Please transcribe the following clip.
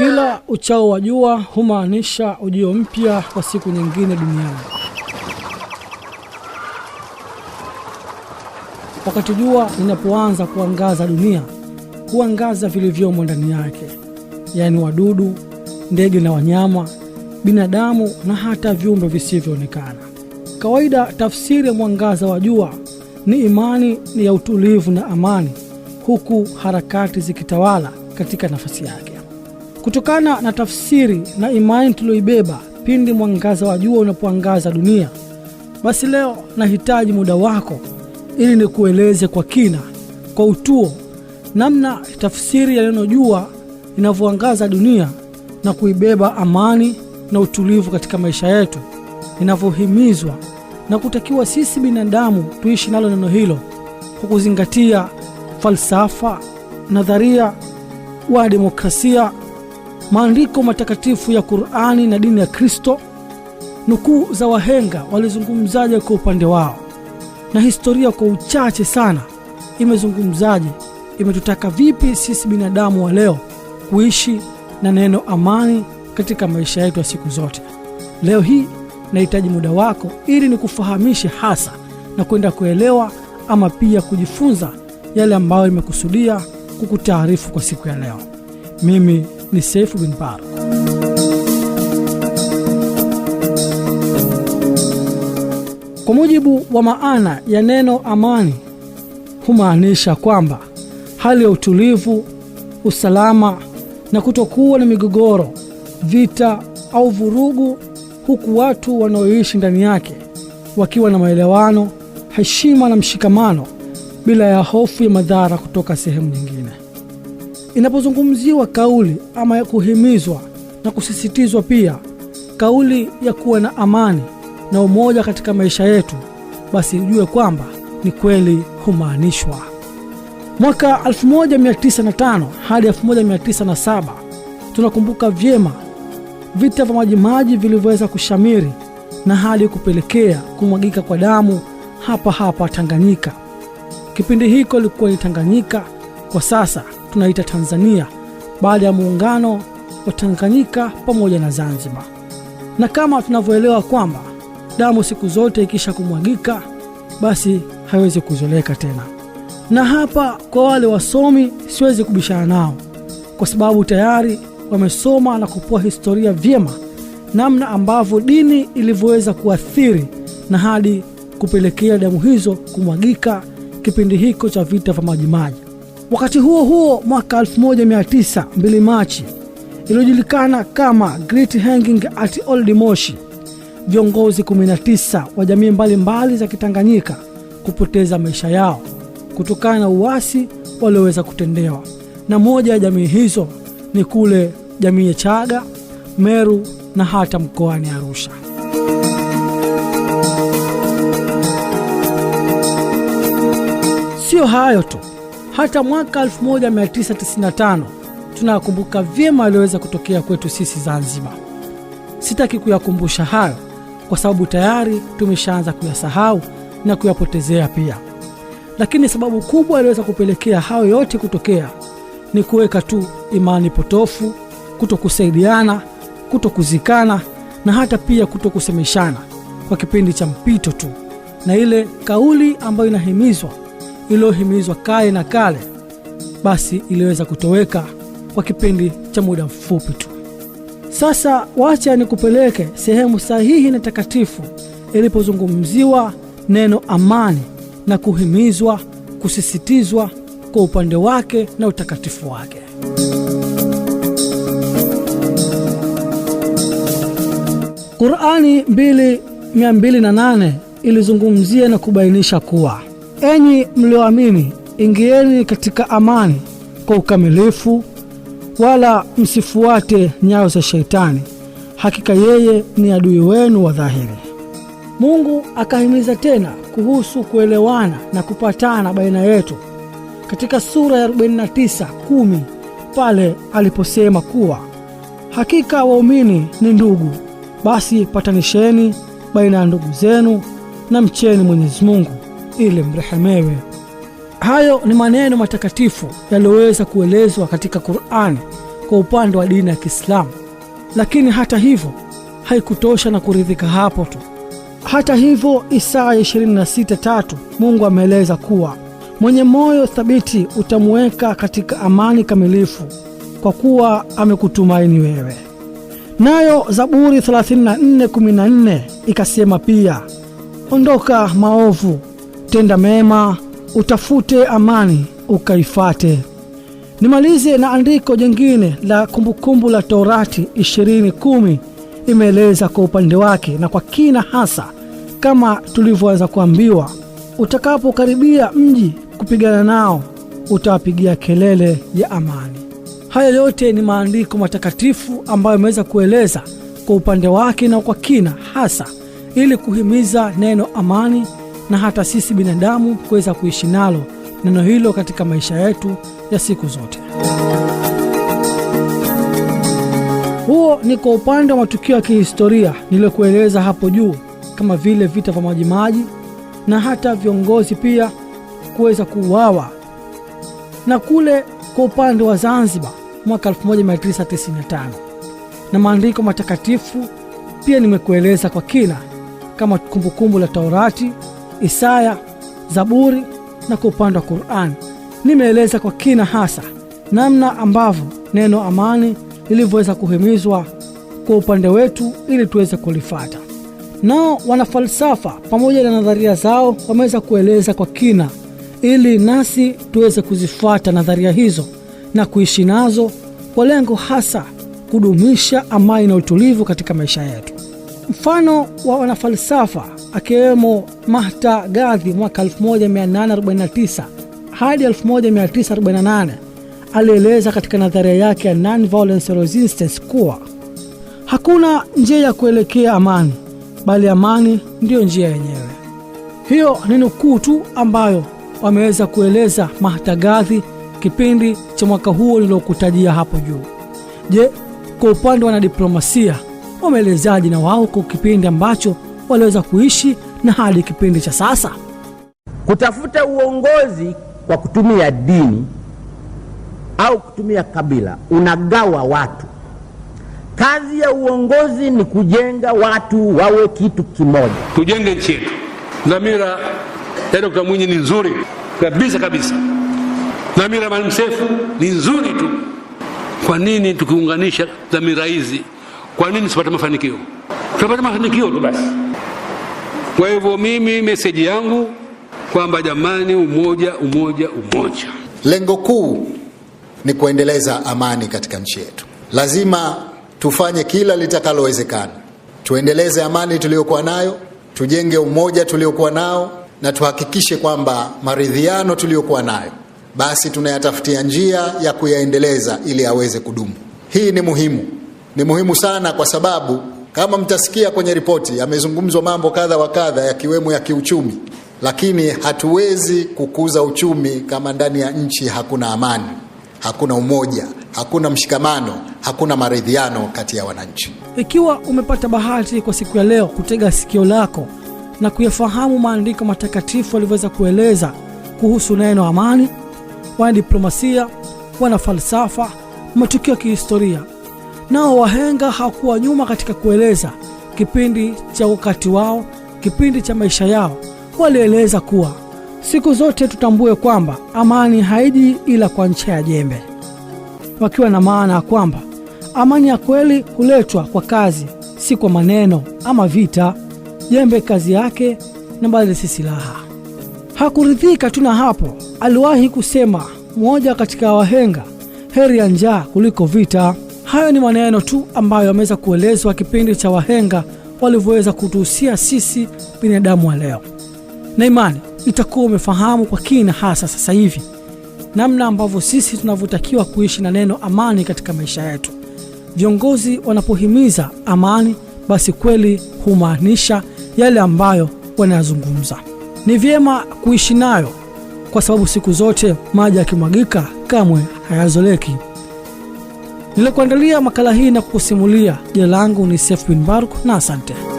Kila uchao wa jua humaanisha ujio mpya kwa siku nyingine duniani. Wakati jua linapoanza kuangaza dunia, huangaza vilivyomo ndani yake, yaani wadudu, ndege na wanyama, binadamu na hata viumbe visivyoonekana. Kawaida tafsiri ya mwangaza wa jua ni imani ni ya utulivu na amani, huku harakati zikitawala katika nafasi yake. Kutokana na tafsiri na imani tuliyoibeba pindi mwangaza wa jua unapoangaza dunia, basi leo nahitaji muda wako ili nikueleze kwa kina, kwa utuo, namna tafsiri ya neno jua inavyoangaza dunia na kuibeba amani na utulivu katika maisha yetu, inavyohimizwa na kutakiwa sisi binadamu tuishi nalo neno hilo kwa kuzingatia falsafa, nadharia wa demokrasia maandiko matakatifu ya Kurani na dini ya Kristo, nukuu za wahenga walizungumzaje kwa upande wao, na historia kwa uchache sana imezungumzaje, imetutaka vipi sisi binadamu wa leo kuishi na neno amani katika maisha yetu ya siku zote. Leo hii nahitaji muda wako ili nikufahamishe hasa na kwenda kuelewa ama pia kujifunza yale ambayo imekusudia kukutaarifu kwa siku ya leo. Mimi ni Seif bin Bar. Kwa mujibu wa maana ya neno amani, humaanisha kwamba hali ya utulivu, usalama na kutokuwa na migogoro, vita au vurugu, huku watu wanaoishi ndani yake wakiwa na maelewano, heshima na mshikamano bila ya hofu ya madhara kutoka sehemu nyingine. Inapozungumziwa kauli ama ya kuhimizwa na kusisitizwa pia kauli ya kuwa na amani na umoja katika maisha yetu, basi ujue kwamba ni kweli humaanishwa. Mwaka 195 hadi 197 tunakumbuka vyema vita vya Majimaji vilivyoweza kushamiri na hadi kupelekea kumwagika kwa damu hapa hapa Tanganyika. Kipindi hiko likuwa ni Tanganyika kwa sasa tunaita Tanzania baada ya muungano wa Tanganyika pamoja na Zanzibar, na kama tunavyoelewa kwamba damu siku zote ikisha kumwagika basi haiwezi kuzoleka tena. Na hapa kwa wale wasomi siwezi kubishana nao, kwa sababu tayari wamesoma na kupoa historia vyema, namna ambavyo dini ilivyoweza kuathiri na hadi kupelekea damu hizo kumwagika kipindi hiko cha vita vya Majimaji. Wakati huo huo mwaka 1900 2 Machi iliyojulikana kama Great Hanging at Old Moshi, viongozi 19 wa jamii mbalimbali za Kitanganyika kupoteza maisha yao kutokana na uasi walioweza kutendewa, na moja ya jamii hizo ni kule jamii ya Chaga, Meru na hata mkoani Arusha. Sio hayo tu, hata mwaka 1995 tunayakumbuka vyema yaliyoweza kutokea kwetu sisi Zanzibar. Sitaki kuyakumbusha hayo kwa sababu tayari tumeshaanza kuyasahau na kuyapotezea pia, lakini sababu kubwa yaliyoweza kupelekea hayo yote kutokea ni kuweka tu imani potofu, kutokusaidiana, kutokuzikana na hata pia kutokusemeshana kwa kipindi cha mpito tu, na ile kauli ambayo inahimizwa iliyohimizwa kale na kale, basi iliweza kutoweka kwa kipindi cha muda mfupi tu. Sasa wacha nikupeleke sehemu sahihi na takatifu ilipozungumziwa neno amani na kuhimizwa, kusisitizwa kwa upande wake na utakatifu wake. Qurani 2:208 ilizungumzia na kubainisha kuwa Enyi mlioamini, ingieni katika amani kwa ukamilifu, wala msifuate nyayo za Shetani. Hakika yeye ni adui wenu wa dhahiri. Mungu akahimiza tena kuhusu kuelewana na kupatana baina yetu katika sura ya 49 kumi pale aliposema kuwa hakika waumini ni ndugu, basi patanisheni baina ya ndugu zenu na mcheni Mwenyezi Mungu ili mrehemewe. Hayo ni maneno matakatifu yaliyoweza kuelezwa katika Qur'ani kwa upande wa dini ya Kiislamu, lakini hata hivyo haikutosha na kuridhika hapo tu. Hata hivyo, Isaya 26:3 Mungu ameeleza kuwa mwenye moyo thabiti utamuweka katika amani kamilifu, kwa kuwa amekutumaini wewe. Nayo Zaburi 34:14 ikasema pia, ondoka maovu tenda mema, utafute amani ukaifate. Nimalize na andiko jingine la Kumbukumbu la Torati 20:10 imeeleza kwa upande wake na kwa kina, hasa kama tulivyoweza kuambiwa, utakapokaribia mji kupigana nao utawapigia kelele ya amani. Haya yote ni maandiko matakatifu ambayo imeweza kueleza kwa upande wake na kwa kina, hasa ili kuhimiza neno amani na hata sisi binadamu kuweza kuishi nalo neno hilo katika maisha yetu ya siku zote. Huo ni kwa upande wa matukio ya kihistoria niliyokueleza hapo juu, kama vile vita vya Majimaji na hata viongozi pia kuweza kuuawa. Na kule kwa upande wa Zanzibar mwaka 1995 na maandiko matakatifu pia nimekueleza kwa kina, kama Kumbukumbu la Taurati Isaya, Zaburi na kwa upande wa Qur'an nimeeleza kwa kina hasa namna ambavyo neno amani lilivyoweza kuhimizwa kwa upande wetu ili tuweze kulifata. Nao wanafalsafa pamoja na nadharia zao wameweza kueleza kwa kina ili nasi tuweze kuzifuata nadharia hizo na kuishi nazo kwa lengo hasa kudumisha amani na utulivu katika maisha yetu. Mfano wa wanafalsafa akiwemo Mahta Gadhi mwaka 1849 hadi 1948 alieleza katika nadharia yake ya non-violence resistance kuwa hakuna njia ya kuelekea amani, bali amani ndiyo njia yenyewe. Hiyo ni nukuu tu ambayo wameweza kueleza Mahta Gadhi kipindi cha mwaka huo nilokutajia hapo juu. Je, kwa upande wa wanadiplomasia wameelezaje na wao kwa kipindi ambacho waliweza kuishi na hadi kipindi cha sasa. Kutafuta uongozi kwa kutumia dini au kutumia kabila unagawa watu. Kazi ya uongozi ni kujenga watu wawe kitu kimoja, tujenge nchi yetu. Dhamira ya dokta Mwinyi ni nzuri kabisa kabisa, dhamira ya Maalim Seif ni nzuri tu. Kwa nini tukiunganisha dhamira hizi, kwa nini sipate mafanikio? Tutapata mafanikio tu basi. Kwa hivyo mimi meseji yangu kwamba jamani, umoja umoja umoja. Lengo kuu ni kuendeleza amani katika nchi yetu. Lazima tufanye kila litakalowezekana, tuendeleze amani tuliyokuwa nayo, tujenge umoja tuliokuwa nao, na tuhakikishe kwamba maridhiano tuliyokuwa nayo basi tunayatafutia njia ya kuyaendeleza ili aweze kudumu. Hii ni muhimu, ni muhimu sana, kwa sababu kama mtasikia kwenye ripoti yamezungumzwa mambo kadha wa kadha, yakiwemo ya kiuchumi, lakini hatuwezi kukuza uchumi kama ndani ya nchi hakuna amani, hakuna umoja, hakuna mshikamano, hakuna maridhiano kati ya wananchi. Ikiwa umepata bahati kwa siku ya leo kutega sikio lako na kuyafahamu maandiko matakatifu yalivyoweza kueleza kuhusu neno amani, wanadiplomasia, wanafalsafa, matukio ya kihistoria nao wahenga hawakuwa nyuma katika kueleza kipindi cha wakati wao, kipindi cha maisha yao. Walieleza kuwa siku zote tutambue kwamba amani haiji ila kwa ncha ya jembe, wakiwa na maana ya kwamba amani ya kweli huletwa kwa kazi, si kwa maneno ama vita. Jembe kazi yake na bali si silaha. Hakuridhika tu na hapo, aliwahi kusema mmoja katika wahenga, heri ya njaa kuliko vita. Hayo ni maneno tu ambayo yameweza kuelezwa kipindi cha wahenga walivyoweza kutuhusia sisi binadamu wa leo, na imani itakuwa umefahamu kwa kina, hasa sasa hivi namna ambavyo sisi tunavyotakiwa kuishi na neno amani katika maisha yetu. Viongozi wanapohimiza amani, basi kweli humaanisha yale ambayo wanayazungumza. Ni vyema kuishi nayo, kwa sababu siku zote maji yakimwagika kamwe hayazoleki. Nilikuandalia makala hii na kukusimulia. Jina langu ni Sefbin Baruk na asante.